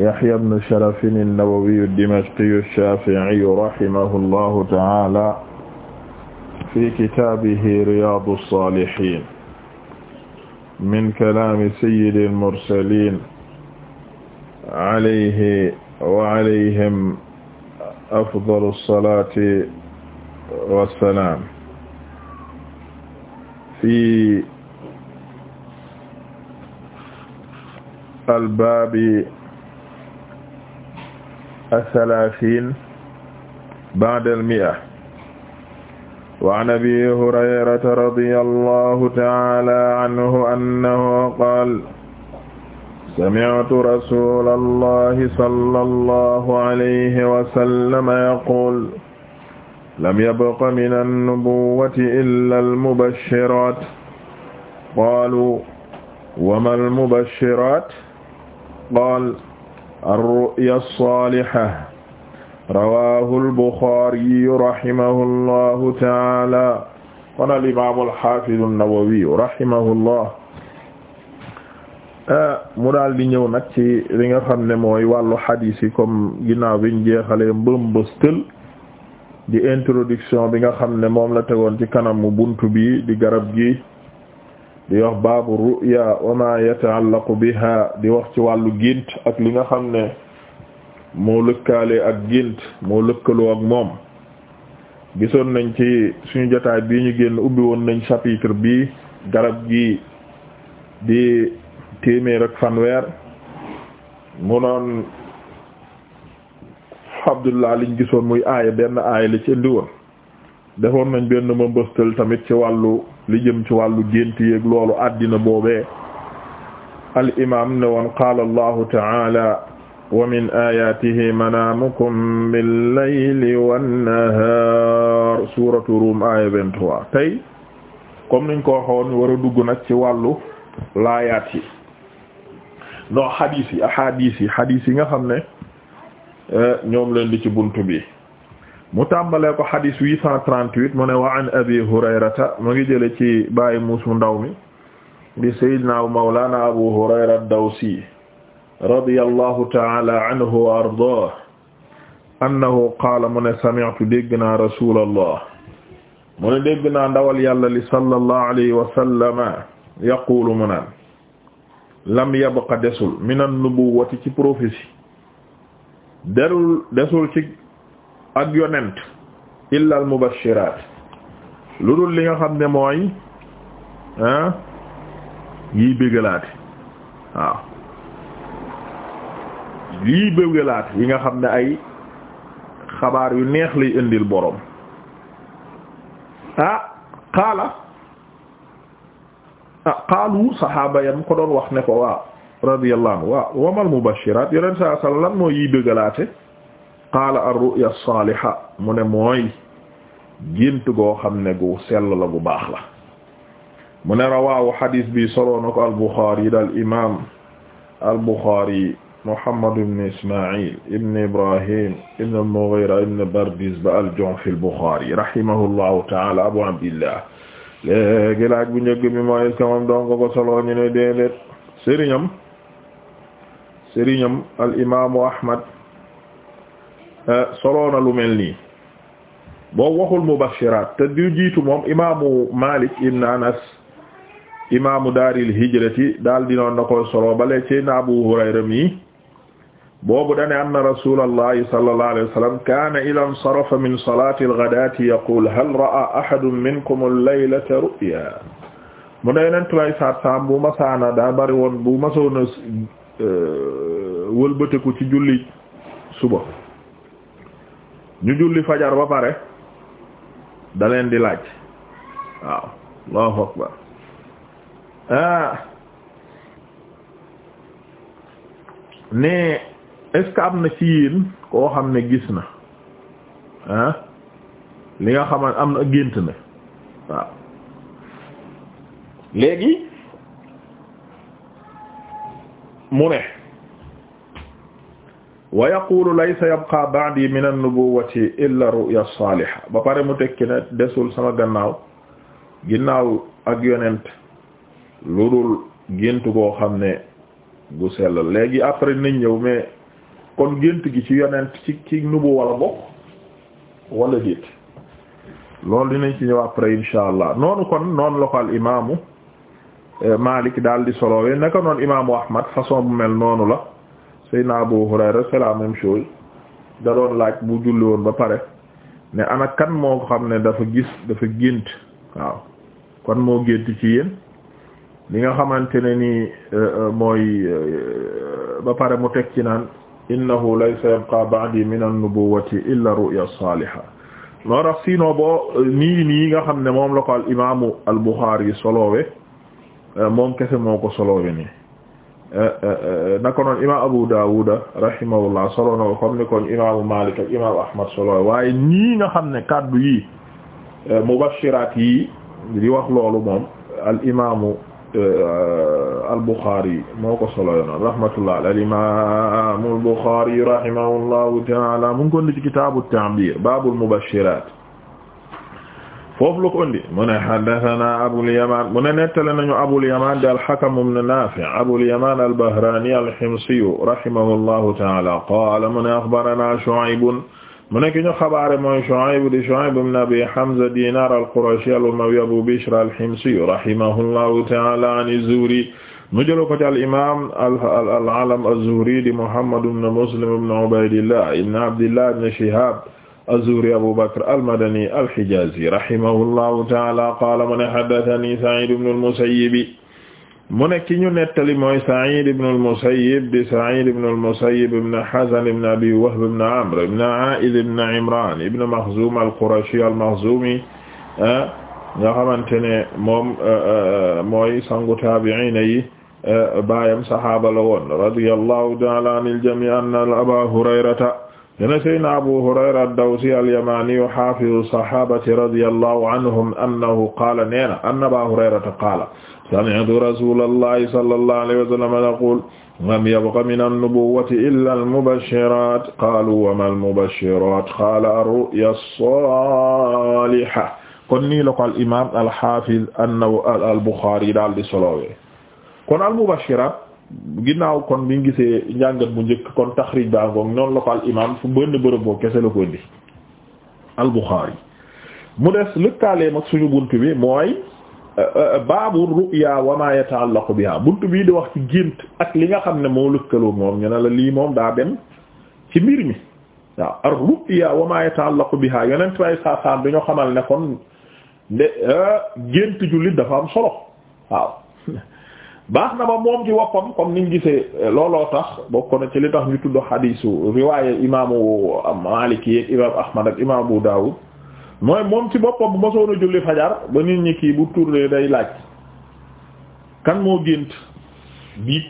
Yahya ibn Sharaf an-Nawawi ad-Dimashqi ash-Shafi'i rahimahullahu ta'ala fi kitaabihi Riyaadu s-Saalihiin min kalaami sayyidi l-mursaliin alayhi wa alayhim afdalu s-salaati wa s-salaam fi al-baabi الثلاثين بعد المئة وعن أبي هريرة رضي الله تعالى عنه أنه قال سمعت رسول الله صلى الله عليه وسلم يقول لم يبق من النبوة إلا المبشرات قالوا وما المبشرات قال ar-ru'ya as-saaliha rawaahu al-Buxaari rahimahullahu ta'aala kon al-imaam al-haafiz an-Nawawi rahimahullah mu daal di ñëw nag ci li nga xam ne mooy wàllu xadiis yi comme ginnaaw biñ jeexalee mbëmbëstël di introduction bi nga xam ne moom la tegoon ci kanamu buntu bi di garab gi di wax baabu ru'ya wa ma yata'allaqu biha di wax ci wàllu gént ak li nga xam ne moo lëkkaale ak gént moo lëkkaloo ak moom gisoon nañ ci suñu jotaay bii ñu génn ubbi woon nañ chapitre bi garab gi di téeméer ak fanweer mu noon Abdullah liñ gisoon muy aaya benn aaya la ci indi woon defoon nañ benn ma mbëstal tamit ci wàllu li jëm ci wàllu gént yeeg loolu àddina boobee al imam ne woon qaala allahu taala wa min ayatihi manaamukum billayli wannahaar suratu rum aya 23 ko waxoon war a dugg nag ci wàllu laayaat yi non xadiis yi ahadiis nga xam ne eh, ñoom leen ci buntu bi mu tàmbalee ko xadis 838 mu ne wa an abi hurayrata mu ngi jële ci bàyyi muusu ndaw mi di sayyidina mawlana abu hurayra dawsi radiyallahu ta'ala anhu wa ardaah annahu qaala mu ne sami'tu dégg naa mu ne dégg naa ndawal yàlla li sallallahu alayhi wa sallama mu naan lam yabqa desul min an nubuwati ci prophétie ak yonent illa al mubashiraat lu dul li nga xam ne mooy ah yiy bëggalaate waaw yiy bëggalaate yi nga xam ne ay xabaar yu neex lay indil boroom ah qaala ah qaalu saxaaba yam ko doon wax ne ko waaw radiyallahu anhu waaw wamal mubashiraat yonent sa alayhi wasallam mooy yiy bëggalaate qaala ar-ru'ya as-saaliha mu ne mooy gént goo xam ne gu sell la gu baax la mu ne rawaahu xadis bi soloo na ko al-Buxaari daal imaam al-Buxaari Muhammad ibn Ismaa'il ibn Ibrahim ibn al-Mughira ibn Bardizbah al-Ju'fi al-Buxaari rahimahullahu ta'ala Abu Abdillah léegi laaj bu njëkk bi mooy est-ce que moom donc ko soloo ñu ne déedéet sëriñam sëriñam al-imaamu Ahmad Euh, soloona lu mel nii boo waxul mubashiraat te mom jiitu moom imaamu Malik ibn Anas imaamu daaril hijrati daal dinoon na koy solo bale ci na Abu Hurayra mi boobu dane anna rasulallahi sallallahu alayhi wa sallam kaana idaa min salaati al-ghadaati yaqul hal ra'a ahadun minkum al-laylata ru'ya mu ne yonent bay bari woon bu masoona euh, wëlbatiku ci julli suba ñu julli fajar ba pare da leen di laaj waaw allahu akbar ah ne est am na ci yéen koo xam ne gis na ah. li nga xaman am na gént na waaw léegi mu ne wa yaqulu laysa yabqa ba'di min an-nubuwwati illa ru'ya saaliha ba pare mu tekki ne desul sama gannaaw ginnaaw ak yonent lu dul gént goo xam ne gu sell léegi après nañ ñëw mais kon gént gi ci yonent ci ki nubu wala bokk wala déet loolu dinañ ci ñëw après insha allah noonu kon noonu la ko al imaamu eh, Malik daal di solowee naka noonu imaamu Ahmad façon bu mel noonu la Seydina Abu Hurayra c'est la même chose da doon laaj bu julli woon ba pare ne ana kan moo xam ne dafa gis dafa gént waaw kon moo gént ci yéen li nga xamante ne ni euh, euh, mooy euh, ba pare mu teg ci naan innahu laysa yabqa ba'di min an-nubuwwati illa ru'ya salihah noo tax siinoo boo nii nii nga xam ne moom la ko al imaamu al Bukhari soloowe moom kese moo ko soloowe nii Eh, eh, eh, naka noonu imaam Abu Daawuda rahimahullah solo na ko comme ni kon imaamu Maalik ak imaamu Ahmad solo waaye nii nga xam ne kaddu yi mubashiraat yi di wax loolu moom al imaamu al Buxaari moo ko solo yoon rahmatullah al imaamu al Buxaari rahimahullahu ta'ala mu ngi ko ci kitaabu at-ta'biir baabul mubashiraat foofu la ko indi mu ne haddathana Abul Yamaan mu ne nettali nañu Abul Yamaan di al-Hakam ibn Naafi' Abul Yamaan al-Bahraani al-Himsi rahimahullahu ta'ala qaala mu ne akhbaranaa Shu'ayb mu ne ki ñu xabaare mooy Shu'ayb di Shu'ayb ibn Abi Hamza Diinaar al-Qurashi al-Umawi Abu Bishr al-Himsi rahimahullahu ta'ala an az-Zuhri mu jël ko ci al-imaam al-alam az-Zuhri di Muhammad ibn Muslim ibn Ubaydillah ibn Abdillah ibn Shihab az-Zuhri Abu Bakr al-Madani al-Hijazi rahimahullahu ta'ala qaala mu ne haddathani Sa'id ibn al-Musayyib mu ne ki ñu nettali mooy Sa'id ibn al-Musayyib di Sa'id ibn al-Musayyib ibn Hazn ibn Abi Wahb ibn Amr ibn A'id ibn Imran ibn Makhzum al-Qurashi al-Makhzumi ah, nga xamante ne moom ah, ah, mooy sangu taabi'ina yi baayam saxaaba la woon radiyallahu ta'ala anil jami' anna Aba Hurayrata dana saydna abu hurayra ad-dawsi al-yamaniyu xafidu sahabati radiyallahu anhum annahu qaala neena anna aba hurayrata qaala sami'tu rasulallahi sallallahu alayhi wa sallam yaqul lam yabqa min an-nubuwwati illa al-mubashshirat qaalu wa ma al-mubashshirat qaala ar-ru'ya as-salihah kon nii la ko al imam al-hafiz an-Nawawi al-Bukhari daal di solowee kon al-mubashshirat ginnaaw kon bi ñu gisee njàngat bu njëkk kon taxrij baa ngoog noonu la ko al imaam fu bënn bërëb boo kese la ko indi al Buxaari mu des lëkkaaleem ak suñu bunt bi mooy euh, euh, baabu ru'ya wa ma yata'allaqu biha bunt bii di wax ci gént ak li nga xam ne moo lëkkaloo moom ñu ne la lii moom daa dem ci mbir mi waaw ar ru'ya wa ma yata'allaqu biha yonent way saasaan bi ñu xamal ne kon de euh, gént jullit dafa am solo waaw baax na ba moom ci woppam comme niñ gisee looloo tax bokk na ci li tax ñu tudd xadiisu riwaaye imaamu Maalik yeeg imaam Ahmad ak imaam Abu Daawud mooy moom ci boppam bu mosoon a julli fajar ba nit ñi kii bu tourné day laaj kan moo gént biig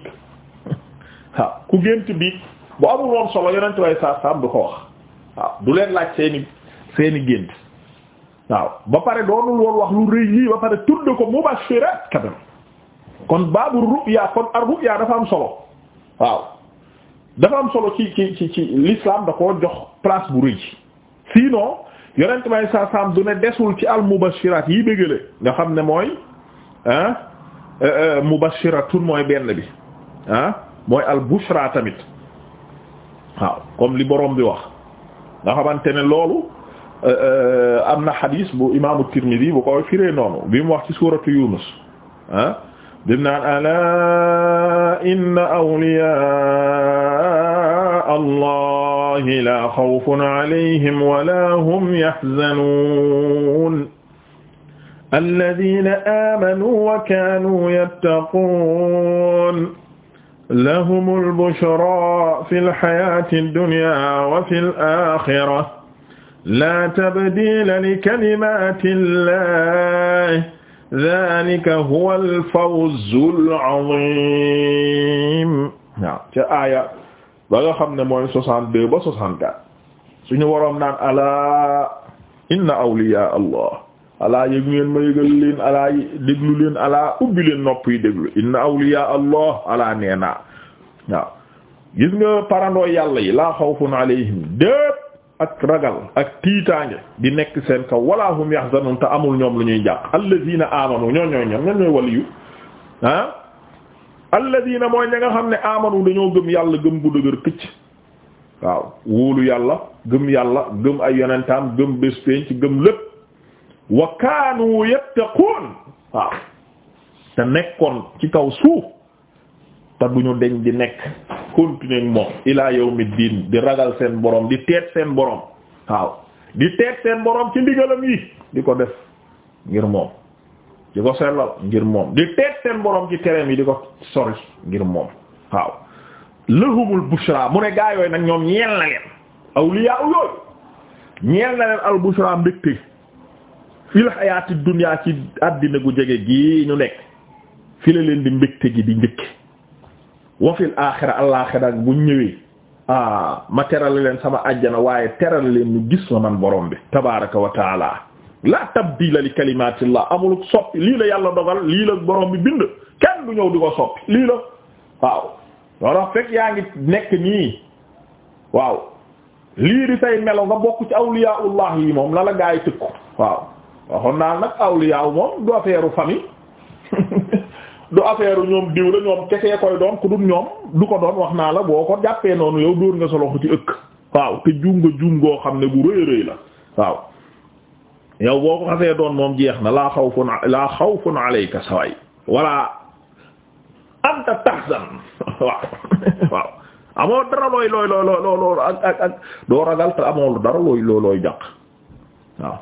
ku gént biig bu amul woon solo yonent way saa saam du ko wax waaw du leen laaj seeni seeni gént waaw ba pare doonul woon wax lu rëy lii ba pare tudd ko mubashiraat quand même kon baabu ru'ya kon ar ru'ya dafa am solo waaw dafa am solo ci ci ci ci l'islam da koo jox place bu rëy sinon yonent may sa sam du ne desul ci al mubashiraat yi bëggale nga xam ne mooy ah euh, euh, mubashiratun mooy benn bi mooy al bushra tamit waaw kom li boroom bi wax nga xamante ne loolu euh, am na xadiis bu imaamu Tirmidi bu koy firee noonu bi mu wax ci suuratu Yunus dim naan alaa inna awliyaa allahi laa xawfun alayhim wala hum yaxzanuun alladiina aamanuu wa kaanuu yattaquun lahumul bushraa fil hayaati dunyaa wa fil aaxira laa tabdiila li kalimaatillaahi zaalika huwal fawzul aziim waaw ca aaya ba nga xam ne mooy soixante deux ba soixante quatre suñu waroom naan alaa inna awliyaa allah alaa yëg ngeen ma yëgal leen alaa déglu leen alaa ubbi leen nopp yi déglu inna awliyaa allah alaa nee naa waaw gis laa xawfun alayhim déet ak ragal ak tiitaange di nekk seen kaw wala hum yahzanun te amul ñoom lu ñuy jàq alladina amanu ñoo ñooy ñoom ñoom ñooy waliyu ah alladina mooy ña nga xam ne amanu dañoo gëm yàlla gëm gu dëgër këcc waaw wóolu yàlla gëm yàlla gëm ay yonentaam gëm bés pénc gëm lépp wa kaanu yattaqun waaw te nekkoon ci kaw suuf te ñu deñ di nekk continuer moom ilaa yawmi diin di ragal seen boroom di teet seen boroom waaw di teet seen boroom ci ndigalam yi di ko def ngir moom di ko sellal ngir moom di teet seen borom ci tereem yi di ko sori ngir moom waaw lahumul bushra mu ne gaa nag ñoom ñeel na leen awliya yooyu ñeel na leen al bushra mbégte fil hayati dunya ci àddina gu jege gi ñu nekk fi la leen di mbégte gi di njëkk wa fil aaxira allaaxira bu ñëwee ah, ma teral leen sama ajjana waaye teral leen mu gis ma man borom bi tabaaraka wa taala la li kalimaatillah amul soppi lii la yàlla dogal lii la borom bi bind kenn du ñëw di ko soppi lii la waaw. loolu fekk yaa ngi nekk nii waaw lii di say melo nga bokk ci awliyaullah yi moom la la gaa yi tëkku waaw waxoon naa nag awliyaaw moom du affaire famille du affaire ñoom diw ñoom kesee koy doon ku dul ñoom du ko doon wax naa la boo ko jàppee noonu yow dóor nga sa loxo ci ëkk waaw te juum nga xam ne bu rëy rëy la waaw yow boo ko xasee doon moom jeex na laa xawfun laa xawfun alayka saway wala anta tahzan waaw waaw amoo dara looy looy looy looy looy doo ragal te amoo dara looy looy jàq waaw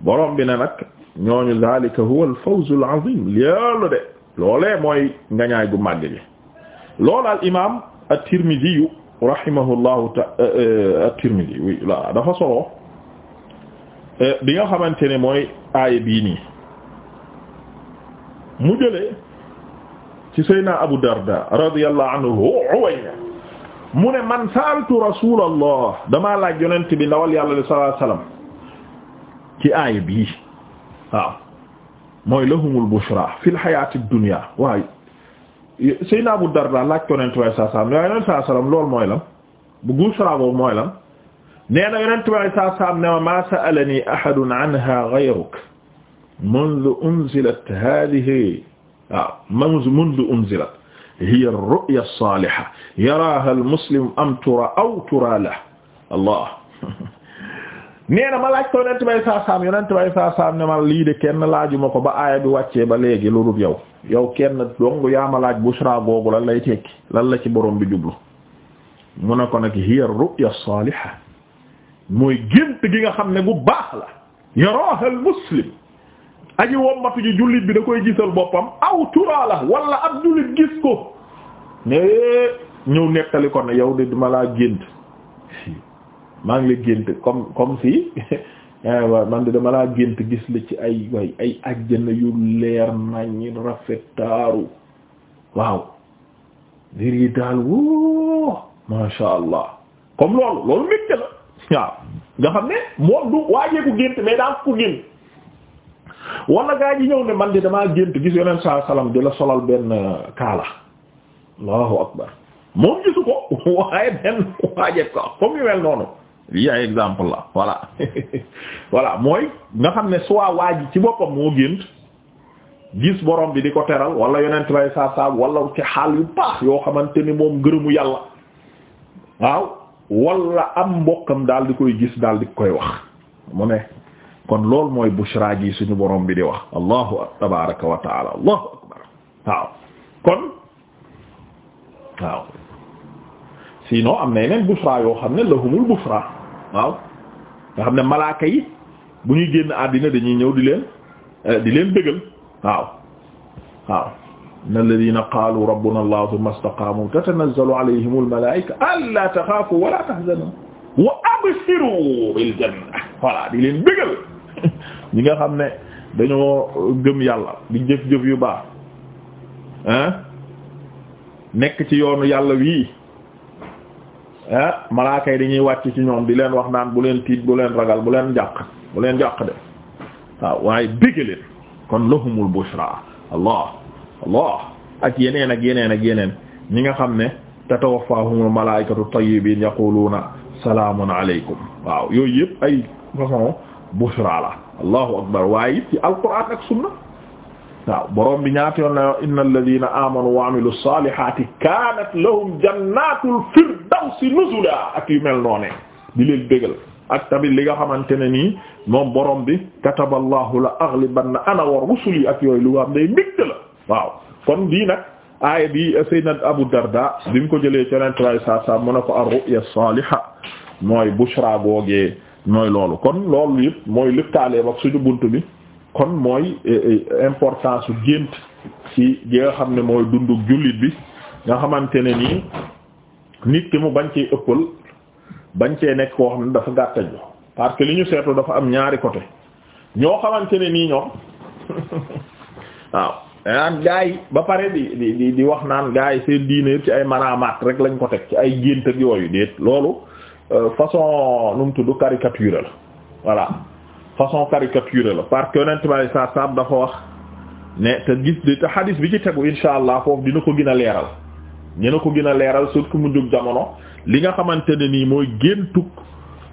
borom bi ne nag ñooñu zalika huwa al fawzul azim yàlla de loolee mooy ngañaay gu màgg gi loolu al imaam at-Tirmidhi yu rahimahullahu ta euh, euh, at-Tirmidhi oui la dafa solo euh, bi nga xamante ne mooy aaya bii nii mu jëlee ci Seydina Abu Darda radiyallahu anhu Uwayna mu ne man sa'altu rasulallah damaa laaj yonent bi ndawal yàlla sallallahu alayhi wasallam ci aaya bii waaw mooy lahumul bushra fil hayati dunya waaye Seydina Abu Darda laaj ko Yonent bi saa saam yaa Yonent saa saam loolu mooy lan bu bushra boobu mooy lan nee na Yonent bi saa saam ne ma maa sa'alani ahadun anha ghayruk منذ أنزلت هذه منذ أنزلت هي الرؤيا الصالحة يراها المسلم أم ترى أو ترى له الله nee na ma laaj ko yonent bay saa saam yonent bay saa saam ne ma lii de kenn laajuma ko ba aaya bi wàccee ba léegi lu dul yow yow kenn dong yaa ma laaj bushra googu lan lay tekki lan la ci borom bi jublu mu ne ko nag hiya ru'ya saaliha mooy gént gi nga xam ne gu baax la yaraaha al muslim aji ji jullit bi da koy gisal boppam aw turaa la wala jullit gis ko ne ñëw nettali ko ne yow de duma laa gént maa ngi la gént comme comme si man de dama laa gént gis la ci ay way ay ajjana yu leer nañ rafet waaw dir yi daal woo masha allah comme loolu loolu mbégte la waaw nga xam ne moom du waajee gént mais daa ko gént wala gaa ji ñëw ne man de damaa gént gis yoneen saa salaam di la solal benn euh, kaala allahu akbar moom gisu ko waaye benn waaje ko comme yu noonu lii ay exemple la voilà voilà mooy nga xam ne soit waa ji ci boppam moo gént gis borom bi di ko teral wala yonent bay saab saab wala ci xaal yu baax yoo xamante ni moom gërëmu yàlla waaw wala am mbokkam daal di koy gis daal di koy wax mu ne kon loolu mooy bushra gi suñu borom bi di wax allahu tabaraka wa allahu akbar waaw kon waaw sinon am na yeneen bushra yoo xam ne lahumul bushra waaw nga xam ne malaaka yi bu ñuy génn àddina dañuy ñëw di leen eh, di leen dëggal waaw waaw inna alladhina qaalu rabbuna allah thumma istaqaamu tatanazzalu alayhim almalaa'ika alla taxaafu di leen dëggal ñi nga xam ne dañoo gëm yàlla di jëf-jëf yu baax ah nekk ci yoon yàlla wii ah malaaka yi dañuy wàcc ci ñoom di leen wax naan bu leen tiit bu leen ragal bu leen jàq bu leen jàq de waaw waaye bégga leen kon lahumul bushra allah allah ak yeneen ak yeneen ñi nga xam ne tatawaffaahumul malaa'ikatu tayyibiin yaquluuna salaamun aleykum waaw yooyu yëpp ay façon bushra la allahu akbar waaye it ci alquran ak sunna waaw borom bi ñaata yoon la inna alladhina amanu wa amilu salihati kanat lahum jannatul firdawsi nuzula ak yu mel noonee di leen bégal ak tamit li nga xamante ne nii moom borom bi kataballahu la aghlibanna ana wa rusuli ak yooyu lu am day mbégte la waaw kon nag aaya bi sayyidna Abu Darda bi mu ko jëlee ci Yonent sallallahu alayhi wa ko ar-ru'ya as-saliha mooy bushra googee mooy loolu kon loolu yëpp mooy lëkkaaleem ak suñu bunt bi kon mooy eh, eh, importance su gént ci gi nga xam ne mooy dundu jullit bi nga xamante ne nii nit ki mu bañ cee ëppal bañ cee nekk koo xam ne dafa gàttañ lu parce que li ñu seetlu dafa am ñaari côté ñoo xamante ne nii ñoom waaw naan gaa yi ba pare di di di wax naan gaa yi seen diine yëpp ci ay maraamaat rek lañ ko teg ci ay gént ak yooyu déet loolu euh, façon nu mu tudd caricature la voilà façon caricature la parce que yonent bi alayhi salaatu salaam dafa wax ne te gis di te xadis bi ci tegu insha allah foofu dina ko gën a leeral dina ko gën a leeral surtout mu jóg jamono li nga xamante ne nii mooy géntu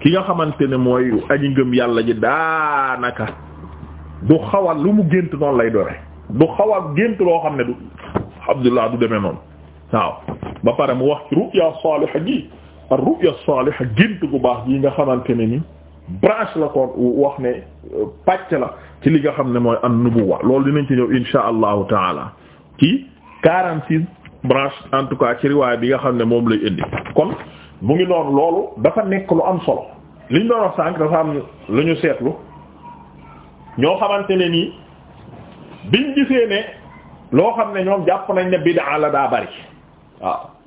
ki nga xamante ne mooy aji ngëm yàlla ji daanaka du xawal lu mu gént noonu lay doore du xawal gént loo xam ne du abdullah du demee noonu waaw ba pare mu wax ci ru'ya salihah gi ar ru'ya salihah gént gu baax gi nga xamante ne nii branche la ko wax ne pàcc la ci li nga xam ne mooy an-nubuwa loolu dinañ ci ñëw insha allahu taala kii quarante-six branche en tout cas ci riwaay bi nga xam ne moom lay indi kon mu ngi noonu loolu dafa nekk lu am solo liñ doon wax sànq dafa am lu ñu seetlu ñoo xamante ne nii biñ gisee ne loo xam ne ñoom jàpp nañ ne bid'a la daa bari waaw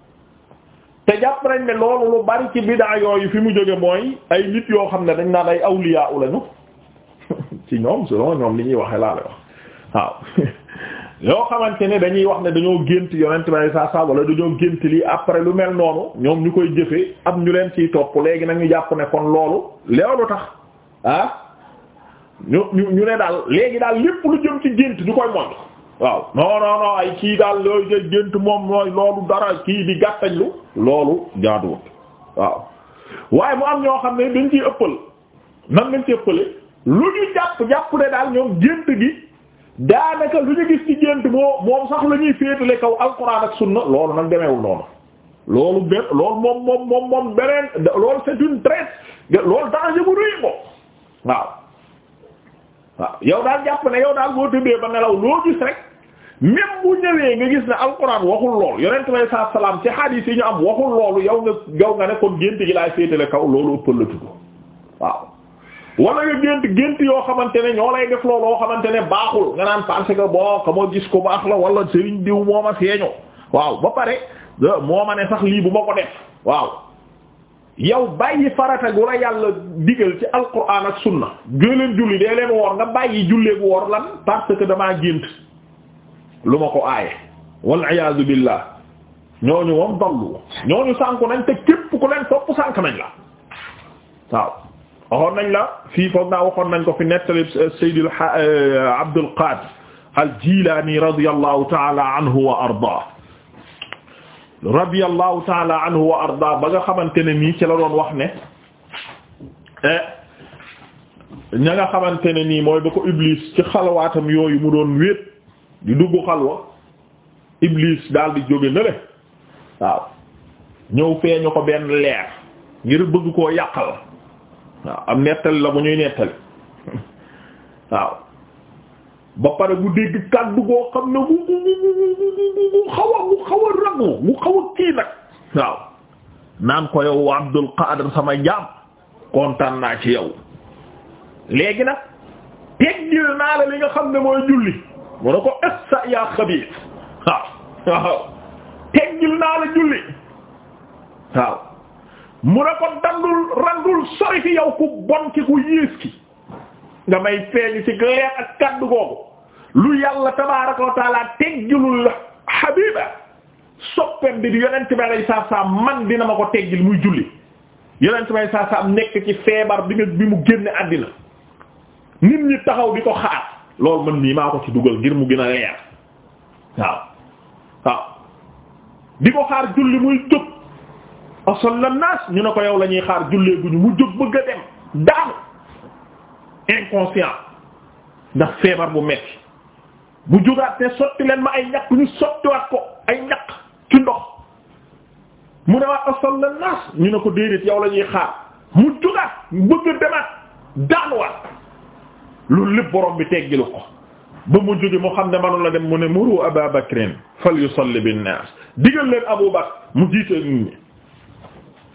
te jàpp nañ ne loolu lu bari ci bidaa yooyu fi mu jóge mooy ay nit yoo xam ne dañ naan ay awliya u lañu ci ñoom selon ñoom li ñuy waxe laal lay wax waaw yoo xamante ne dañuy wax ne dañoo gént yonent may saa saa wala dañoo gént lii après lu mel noonu ñoom ñu koy jëfee am ñu leen ciy topp léegi nag ñu jàpp ne kon loolu leelu tax ah ñu ñu ñu ne daal léegi daal lépp lu jëm ci gént ñu koy moytu waaw non ay kii daal looy ngay gént moom mooy loolu dara kii di gàttañlu loolu jaaduwut waaw waaye mu am ñoo xam ne dañ ciy ëppal nan lañ ci ëppale lu ñu jàpp jàpp ne daal ñoom gént gi daanaka lu ñu gis ci gént moo moom sax la ñuy féetale kaw alxuraan ak sunna loolu nag demeewul noonu loolu benn loolu moom moom moom beneen loolu c'est une traite loolu danger bu rëy ko waaw waaw yow daal jàpp ne yow daal boo tëddee ba nelaw loo gis rek même bu ñëwee nga gis ne alquran waxul lool yonent may saa salaam ci hadith yi ñu am waxul loolu yow nga yow nga ne kon gént gi laay féetale kaw loolu ëppal la tudd waaw. wala nga gént gént yoo xamante ne ñoo lay def looloo xamante ne baaxul nga naan parce que boo ka ma gis ko baax la wala Serigne diw moo ma seeñoo waaw ba pare moo ma ne sax lii bu ma ko def waaw. yow bàyyi farata gu la yàlla digal ci alquran ak sunna. dee leen julli dee leen woor nga bàyyi julleegu woor lan parce damaa gént. lu ma ko aaye wal iyaazu billah ñooñu moom dollu ñooñu sànku nañ te képp ku leen topp sànk nañ la waaw waxoon nañ la fii foog naa waxoon nañ ko fi nettali Seydil eh, Abdul Qadir al-Jilani radiyallahu ta'ala anhu wa ardaa radiyallahu ta'ala anhu wa ardaa ba nga xamante ne nii ci la doon wax ne eh, ña nga xamante ne nii mooy ba ko Iblis ci xalawaatam yooyu mu doon wéet di dugg xalwa iblis daal di jóge na le waaw ñëw feeñu ko benn leer ngir bëgg koo yàqal waaw am nettali la bu ñuy nettali waaw ba pare bu dégg kàddu goo xam ne gu gu gu gu xaw a gu xaw a ragu gu xaw a kii nag waaw naan ko yow Abdul Qadir sama jaam kontaan naa ci yow léegi nag teggil naa la li nga xam ne mooy julli mu ne ko essa yaa xabiir teggil naa la julli waaw mu ne ko dandul randul sori fi yow ku bon ki ku yiis ki nga may feeñu ci leer ak kaddu googu lu yàlla tabaaraka wa taala teggilul la xabiba soppeem bi di yonent bi alayhi salaam man dina ma ko teggil muy julli yonent bi alayhi salaam nekk ci feebar bi mu génne àddina nit ñi taxaw di ko xaar loolu man nii maa ko ci dugal ngir mu gën a leer waaw waaw di ko xaar julli muy jóg asol la ñu ne ko yow la ñuy xaar jullee guñu mu jóg bëgg a dem daanu inconscient ndax feebar bu metti bu jógaat ne sotti ma ay ñaq ñu sottiwaat ko ay ñaq ci ndox mu ne waat asol la ñu ne ko déedéet yow la ñuy xaar mu jógaat bëgg a demaat daanuwaat loolu lépp borom bi teggilu ko ba mu jóge mu xam ne manu la dem mu ne muru Aba Bakrin fal yusalli bin nas digal leen Abu mu jiite nit ñi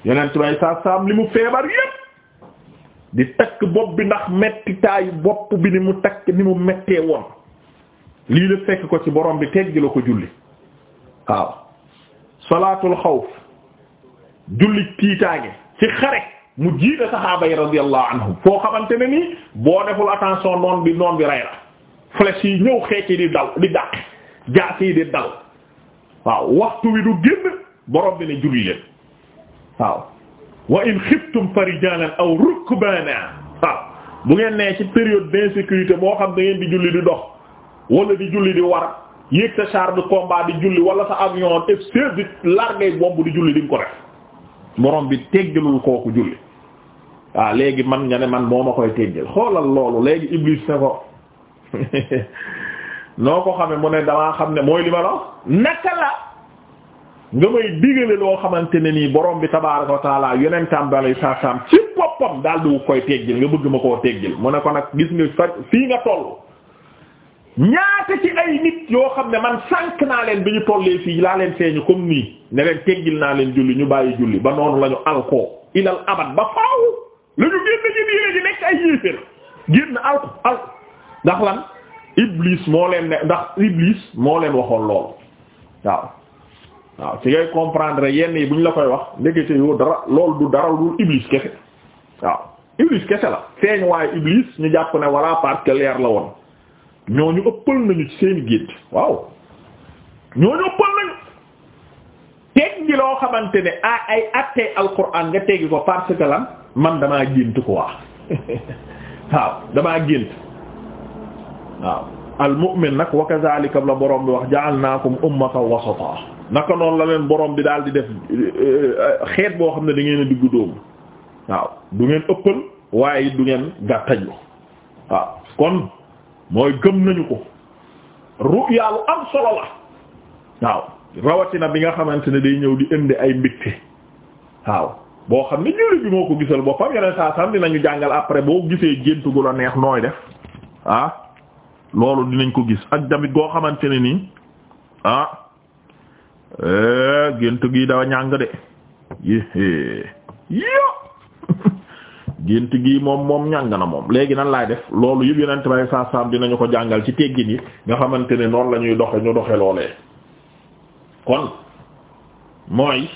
yeneen tubay saa saam li mu feebar yépp di takk bopp bi ndax metti bopp bi ni mu takk ni mu mettee woon lii la fekk ko ci borom bi teggilu ko julli waaw salaatul xawf julli tiitaange ci xare mu jiite saxaaba yi radiyallahu anhum foo xamante ne nii boo deful attention noon bi noon bi rey la flèche yi ñëw xeet yi di dal di dàq jaas yi di dal waaw waxtu wi du génn borom bi ne julli leen waaw wa in xiftum fa rijalan aw rukbana waaw bu ngeen nee ci période d'insécurité moo xam da di julli di dox wala di julli di war yéeg sa char de combat di julli wala sa avion F-16 di largay bomb di julli di ko def borom bi teggalul kooku julli waa léegi man nga ne man moo ma koy teggil xoolal loolu léegi Iblis ne ko noo ko xame mu ne damaa xam ne mooy li ma naka la nga may digale loo xamante ne nii boroom bi tabaaraka wa taala yonentam balay saa saam ci boppam dal di koy teggil nga bëgg ma koo teggil mu ne ko nag gis nga fa fii nga toll. ñaata ci ay nit yoo xam ne man sànq naa leen bi ñu tollee fii laa leen feeñu comme nii ne leen teggil naa leen julli ñu bàyyi julli ba noonu la ñu alkoo ilal abad la ñu génn ci diine nekk ay yéeféer génn alku alku ndax lan iblis moo leen ne ndax iblis moo leen waxoon loolu waaw waaw ci ngay comprendre yenn yi bu ñu la koy wax ndekete yoo dara loolu du dara lu iblis kese waaw iblis kese la feeñ waaye iblis ñu jàpp ne walla parce que la woon ñu ëppal nañu ci seen gént waaw ñooñu ëppal nañu teggi xamante ne ah, ay ay àttee alquran nga teggi ko parce que lan man damaa gént ko waaw waaw damaa gént waaw almu'min nag wa kadhalika la borom bi wax ko ummatan wasata naka noon la leen borom bi daal di def xeet boo xam ne da ngeen a diggu dóomu waaw du ngeen ëppal waaye du ngeen gàttañu waaw kon mooy gëm nañu ko ru'ya am solo la waaw rawatina bi nga xamante ne day ñëw di indi ay mbégte waaw boo xam ne jullit bi moo ko gisal boppam yeneen saa sam dinañu jàngal après boo gisee gént gu la neex nooy def ah loolu dinañ ko gis ak tamit goo xamante ne nii ah eh, gént gi dawa ñàng de yo gént gi moom moom ñàng na moom léegi nan laay def loolu yëpp yeneen bay saa sam dinañu ko jàngal ci teggin yi nga xamante ne noonu la ñuy doxe ñu doxe loolee kon mooy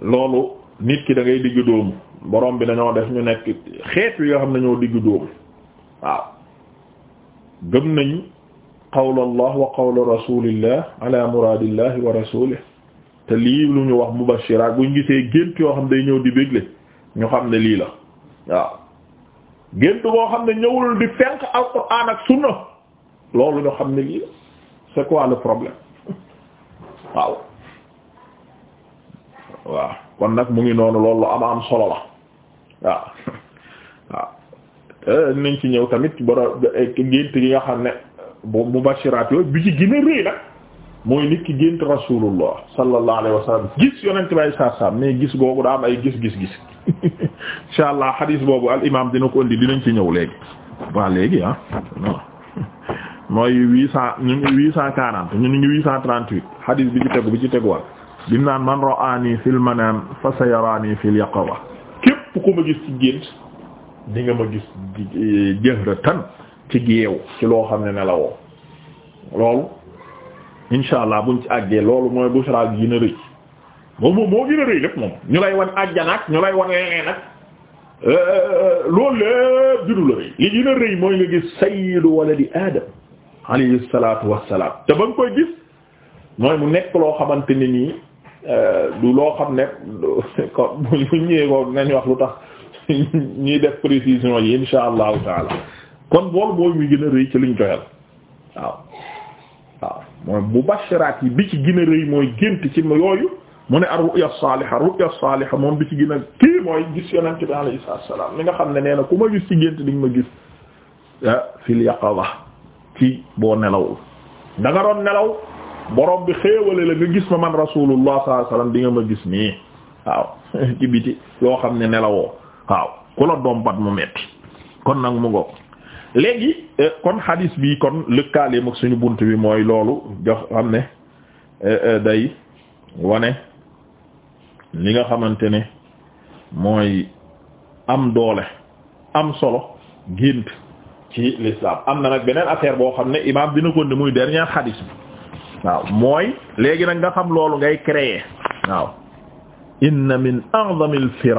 loolu nit ki da ngay digg dóomu borom bi dañoo def ñu nekk xeet wi nga xam ne ñoo digg dóomu waaw gëm nañ qawlallah wa qawla rasulillah ala muradillahi wa rasulih te lii lu ñu wax mubashiraat buñ gisee gént yoo xam day ñëw di bégle ñu xam ne lii la waaw gént xam ne ñëwul di fenk ak sunna loolu ñu xam ne lii la c'est quoi problème waaw waaw kon nag mu ngi noonu loolu lu am am solo la waaw waaw nañ ci ñëw tamit boro gént gi nga xam ne bu mubashiraat yooyu bi ci gën a rëy nag mooy nit ki gént rasulullah sallallahu alayhi wa sallam gis yonent bay saa saa mais gis googu daa am ay gis gis gis insha allah hadith boobu al imam dina ko indi dinañ ci ñëw léegi waa léegi ah mooy huit cent ñu ngi huit cent quarante ñu ngi huit cent trente-huit hadith bi ci tegu bi ci teguwaat bim naan man ra'aani fil manaam fa sayaraani fil yaqawa képp ku ma gis ci gént di ma gis jahratan ci géew ci loo xam ne nelawoo loolu insha allah buñ ci àggee loolu mooy bushra gi gën a rëy moom moo gën rëy lépp moom ñu lay wan àjjana ak ñu lay wan leneen ak euh, loolu lépp juddu la rëy li gën a rëy mooy nga gis sayyidu waladi adam alayhi salaatu wassalaam te ba nga koy gis mooy mu nekk loo xamante ne nii Euh, loo xam ne kon bu ñëwee nañ wax lu tax ñuy def précision yi insha allahu taala kon bool boobu muy gën a rëy ci liñ joxel waaw waaw mooy yi bi ci gën a rëy mooy gént ci yooyu mu ne ar-ru'ya as-saliha ru'ya as-saliha moom bi ci gën a kii mooy gis yonent bi alayhi salaam mi nga xam ne nee na ku ma gis ci gént ni nga ma gis ah fil yaqaza ci boo nelawul da doon nelaw boroom bi xéewale la nga gis ma man rasulullah sallallahu alayhi nga ma gis nii waaw ci biti loo xam ne nelawoo waaw ku la dompat mu metti kon nag mu ngo léegi eh, kon hadis bi kon lëkkaaleem ak suñu bunt bi mooy loolu jox xam ne eh, eh, day wane li nga xamante ne mooy am doole am solo gént ci l'islam am na nag beneen affaire boo xam ne imam dina ko ne muy dernier hadis bi waaw mooy léegi nag nga xam loolu ngay créer waaw inna min a'zamil fira